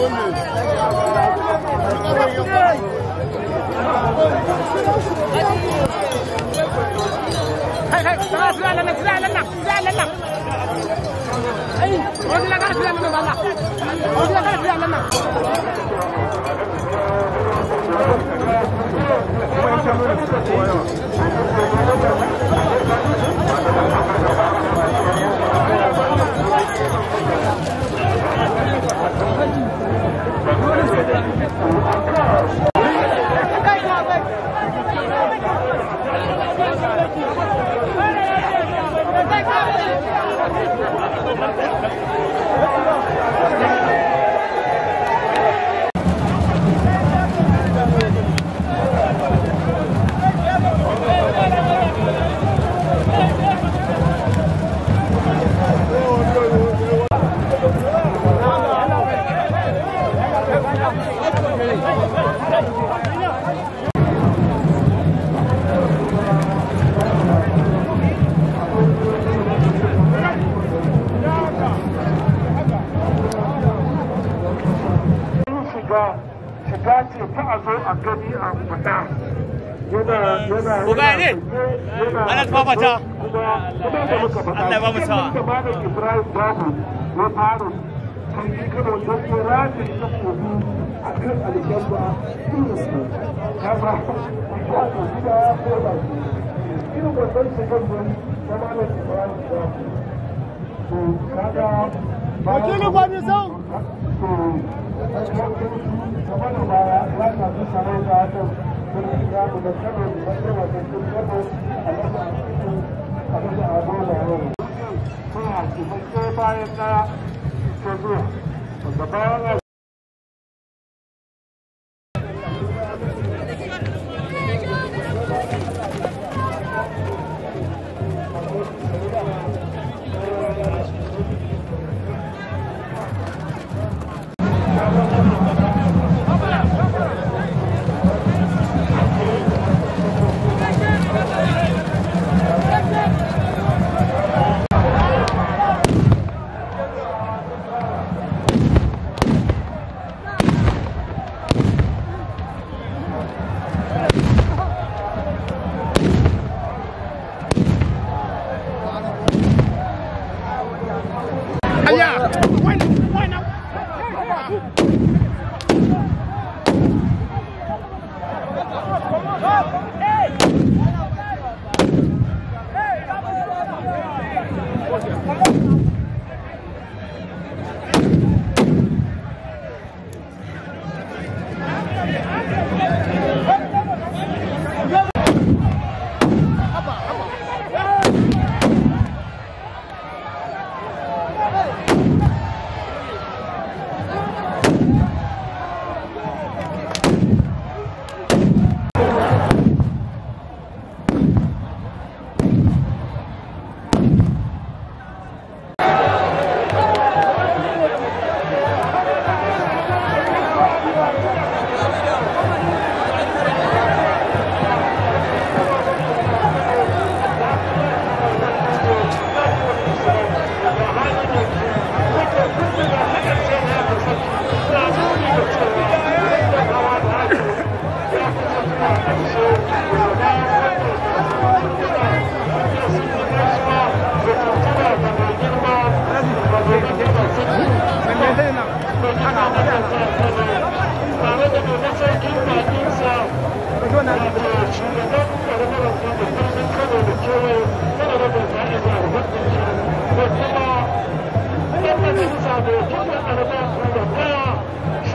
哎！哎！拿起来！拿拿！起来！拿拿！起来！拿拿！哎！我起来干！起来干！拿拿！我起来干！起来拿拿起来拿我起来干起来干拿拿 gani a faɗa ku gane ana fafata Allah ya ba a gabanin baya ya da hakan, sun birnin ya da kano da matsala da kun gano a nasa a nasa a dole yau. Suna cikin ɗaya bayan ta zuwa. Daga bayan Woo! ana mana alfahari tare da domin sarkin bakinsa wato shugaban karamar hukumar birnin kano da kewaye tana rabin ta'in da albarkar shi da kuma ɗan majalisa mai kuma albarkar da baya